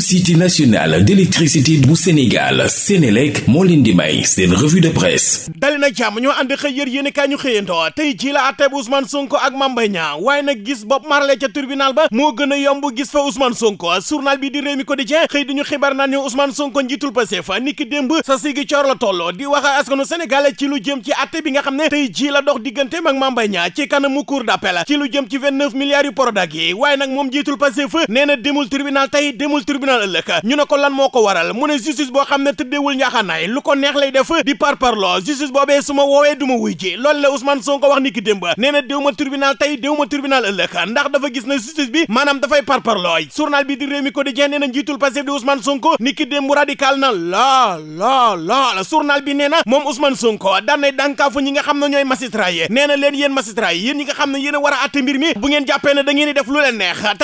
société nationale d'électricité bu Sénégal Sénélec moo leen di may seen revue de presse dali jàmm ñoo ànd xëy yër yéen kaay ñu xëyantoo tey jii la àtte bu Ousmane Sonko ak Mame waaye nag gis bopp marale ca tribunal ba moo gën a yomb gis fa Ousmane Sonko journal bi di Rewmi Quotidien xëy di ñu xibaar naan ñu Ousmane Sonko njiitul Pastef niki démb sa sigi coor la tolloo di wax askanu Sénégal ci lu jëm ci àtte bi nga xam ne tey jii tribunal ndax dafa gis na justice bi maanaam dafay par parlooy bi di Rewmi Quotidien nee na njiitul Pastef di Ousmane Sonko ni ki démb radical na la la la bi nee moom Ousmane Sonko daan nay dànkaafu ñi xam ne ñooy magistrat yi leen yéen magistrat yi ñi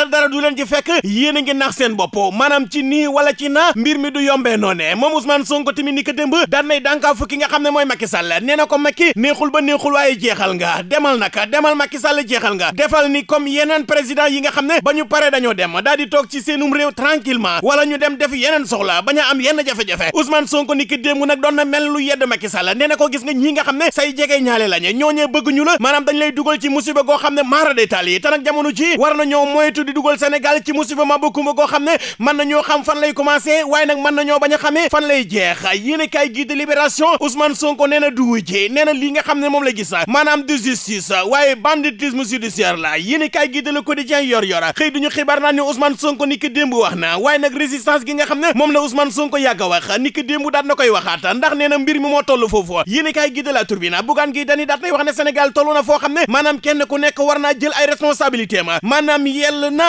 a a nax seen bopp maanaam ci nii wala ci na mbir mi du yombee noone moom Ousmane Sonko tamit ni ko démb daan nay dànkaa fukki nga xam ne mooy Macky Sall nee na ko Macky neexul ba neexul waaye jeexal nga demal naka demal Macky Sall jeexal nga defal ni comme yeneen président yi nga xam ne ba ñu pare dañoo dem daal di toog ci seenum réew tranquillement wala ñu dem def yeneen soxla bañ a am yenn jafe-jafe Ousmane Sonko ni ko démb nag doon na mel lu yedd Macky Sall nee ko gis nga ñi nga xam ne say jege ñaale lañu ñooñee bëgg ñu la maanaam dañ lay dugal ci musiba goo xam ne maara détaal yi te nag jamono ji war na ñoo moytu di dugal Sénégal ci musiba ma bëkkuma goo xam ne mën nañoo xam fan lay commencé waaye nag mën na bañ a xamee fan lay jeex yéen a kaay gi de libération Ousmane Sonko nee na duwu na li nga xam ne moom la gis maanaam de justice waaye banditisme judiciaire la yéen a kaay gi de le quotidien yor yor xëy duñu xibaar naan ni Ousmane Sonko ni ki démb wax na waaye nag résistance gi xam ne moom la Ousmane Sonko yàgg a wax ni ki démb na koy waxaat ndax nee na mbir mi moo toll foofu yéen a kaay gi de la turbine bugaan gi dañi daat nay wax ne Sénégal toll na foo xam ne maanaam kenn ku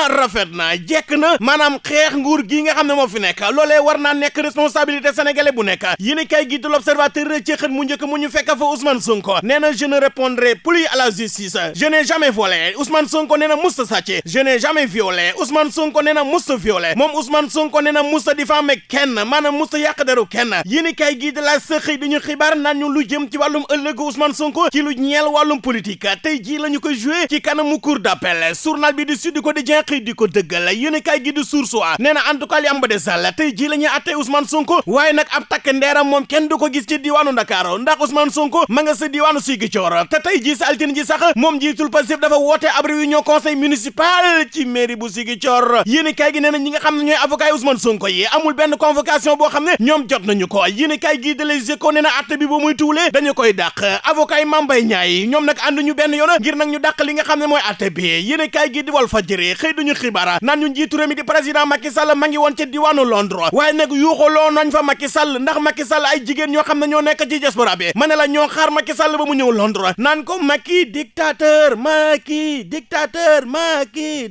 rafet na jekk na maanaam xeex ngu nguur gi nga xam ne moo fi nekk loolee war naa nekk responsabilité sénégalais bu nekk yéen kay gi de l'observateur ci xët mu njëkk mu ñu fekk fa Ousmane Sonko nee na je ne répondrai plus à la justice je n'ai jamais volé Sonko nee musta sàcc je n'ai jamais violé Ousmane Sonko nee na musta violé moom Ousmane Sonko nee na musta diffamé kenn maanaam musta yàq deru kenn kay gi la sëxëy di ñu xibaar naan ñu lu jëm ci wàllum ëllëgu tey jii la ñu ko joué ci kanamu cour d'appel journal bi du Sud Quotidien xëy di ko dëggal yéen kay gi du Source en tout cas li tey jii la ñuy àttee Ousmane Sonko waaye nag ab takk ndeeram moom kenn du ko gis ci diiwaanu Ndakaaru ndax Ousmane Sonko ma nga sa diiwaanu Ziguinchor te tey jii sa ji sax moom jiitul Pastef dafa woote ab réunion conseil municipal ci mairie bu Ziguinchor yéen kay gi nee na nga xam ne ñooy avocat yi Ousmane Sonko yi amul boo xam ne ñoom jot nañu ko yéen kay gi de Les Échos nee na àtte bi ba muy tuulee dañu koy dàq avocat yi Mame ñoom nag ànduñu benn yoon ngir nag ñu dàq li nga xam ne mooy àtte bi yéen kay gi di Walf Sall ma ngi woon ca diwaanu Londres waaye nag yuuxaloo nañ fa Macky Sall ndax Macky Sall jigéen ñoo xam ne ñoo nekk ci diaspora bi ma la ñoo xaar Sall ba mu ñëw Londres naan ko Macky dictateur Macky dictateur Macky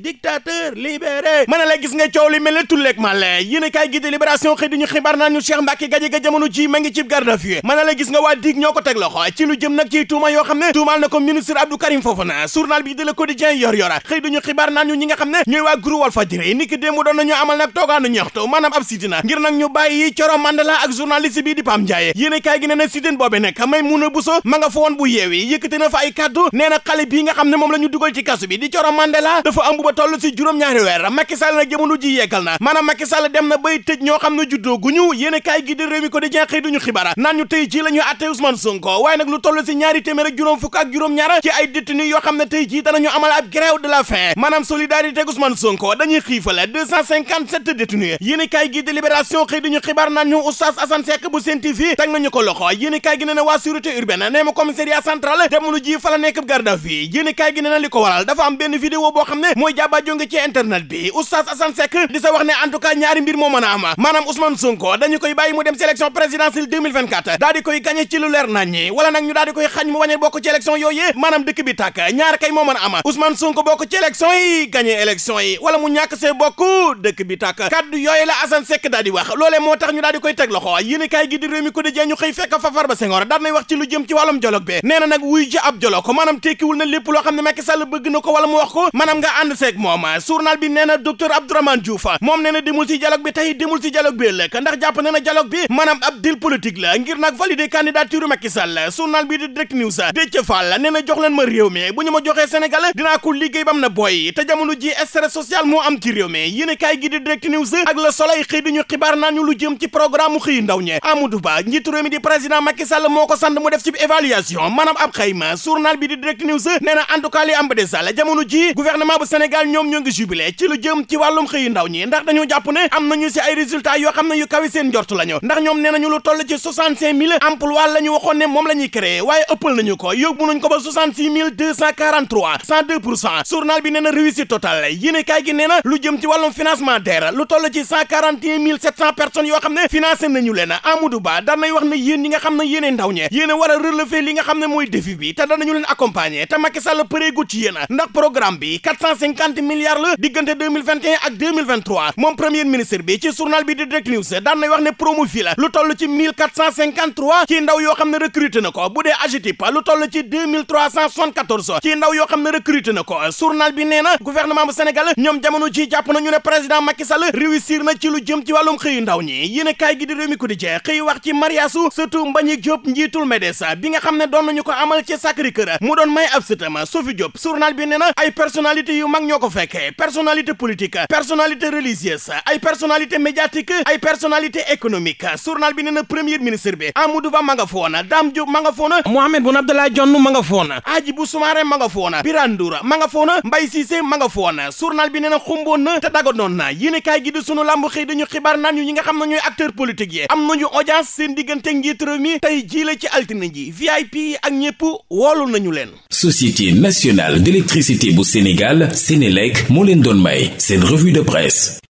ma ne la gis nga coow li mel ne tulleeg male yéen a kaay gi di libération xëy xibaar naan ñu Cheikh Mbacké Gadiaga jamono ji ma ci garde vue ma la gis nga waa dig ñoo ko teg loxo ci lu jëm nag ci tuuma yoo xam ne tuumaal na ko ministre Abdou Karim Fofana journal bi di Le Quotidien yor yora xëy duñu xibaar naan ñu ñi nga xam ne ñooy waa groupe Walfadjri ni ki démb doon nañu amal nag ak toogaanu ñaxtu ab sitina ngir nag ñu bàyyi Coro Mandela ak journaliste bi di Pam Ndiaye yéen kaay gi nee na sitin boobe nag Maimouna Bousso ma nga fa woon bu yeewi yëkkati na fa ay kaddu nee na nga xam ne moom la ñu dugal ci kasu bi di Coro Mandela dafa am bu ba toll si juróom-ñaari weer Macky Sall nag ji yekkal na maanaam Macky Sall dem na bay tëj ñoo xam ne juddoo guñu yéen kaay gi di réew ko di jenqëy ñu tey ji ñu àtte ci ay détenu yoo sept détenus yéenekaay gi de Libération xëy dañu xibaar naan ñu oustaz Assane Seck bu Sen TV teg nañu ko loxo yéenekaay gi nee waa sûreté urbaine nee ma commissariat central jamono ji fa la nekk garde à vue yéenekaay gi nee li ko waral dafa am benn vidéo boo xam ne mooy jàbbaa jonge ci internet bi oustaz Assane Seck di sa wax ne en ñaari mbir moo mën a am maanaam bokk ci élection yooyu maanaam dëkk bi tàkk ñaar kay moo mën a nag kaddu yooyu la Assane Seck daal wax loolee moo tax ñu daal koy teg loxo yéen kaay gi réew mi ko di ñu xëy fekk fa Farba Senghor daan nay wax ci lu jëm ci wàllum dialogue bi nee nag wuy ji ab dialogue maanaam tekkiwul na lépp loo xam ne Macky Sall bëgg na ko wala mu wax ko maanaam nga ànd seeg moom journal bi nee na docteur Abdourahmane moom nee na ci dialogue bi tey demul ci dialogue bi ëllëg ndax jàpp nee na bi maanaam ab di direct news ak xëy di ñu xibaar na ñu lu jëm ci programme xëy ndaw ñe Amadou Ba njiitu réew mi di président Macky moo ko sant mu def ci évaluation maanaam ab xayma journal bi di direct news nee na en tout cas li am ba de sall jamono ji gouvernement bu Sénégal ñoom ñoo ngi jubilé ci lu jëm ci wàllum xëy ndaw ñi ndax dañoo jàpp ne am nañu si ay résultats yoo xam ne yu kawi seen njort lañu ndax ñoom nee nañu lu toll ci 65000 emploi la ñu waxoon ne moom la ñuy créé waaye ëppal nañu ko yóbbu nañ ko ba 66243 102 pour cent journal bi nee na réussite totale yéene kaay gi na lu jëm ci wàllum financement leeral lu toll ci et un mille sept cent yoo xam ne financé nañu leen Amadou Ba daan wax ne yéen ñi nga xam ne yéenee ndaw ñe yéen a war nga xam ne mooy défi bi te danañu leen accompagner te Macky Sall pareegul ci yéen ndax programme bi quatre la diggante ak moom premier ministre bi ci journal bi di Direct News daan nay wax ne Promovilles la lu toll ci ci ndaw yoo xam ne recruté na ko bu dee AGETIP lu toll ci deux mille ci ndaw na ko ne président Sall réussir na ci lu jëm ci wàllum xëyu ndaw ñi yéen kaay gi di Rewmi Quotidien xëy wax ci mariage su surtout bi nga xam ne doon ko amal ci Sacré-Cœur mu doon may ab ay personnalité yu mag ñoo ko fekkee personnalité politique personnalité religieuse ay personnalité médiatique ay personnalité économique journal bi nee na premier ministre bi Amadou Ba ma nga foona Dame Diop ma nga foona Mohamed Boun Abdallah Dionne ma nga foona Hadjibou Soumaré ma nga foona Birane Ndour ma nga foona Mbaye Cissé ma nga foona journal bi nee na xumboon na te dagonoon na kaay gi de sunu làmb xëy dañu xibaar naan ñu ñi nga xam ne ñooy acteur politique yi am nañu audience seen diggante njiit réew mi tey jii la ci altine ji VIP yi ak ñëpp woolu nañu leen société nationale d'électricité bu Sénégal Sénélec moo leen doon may seen revue de presse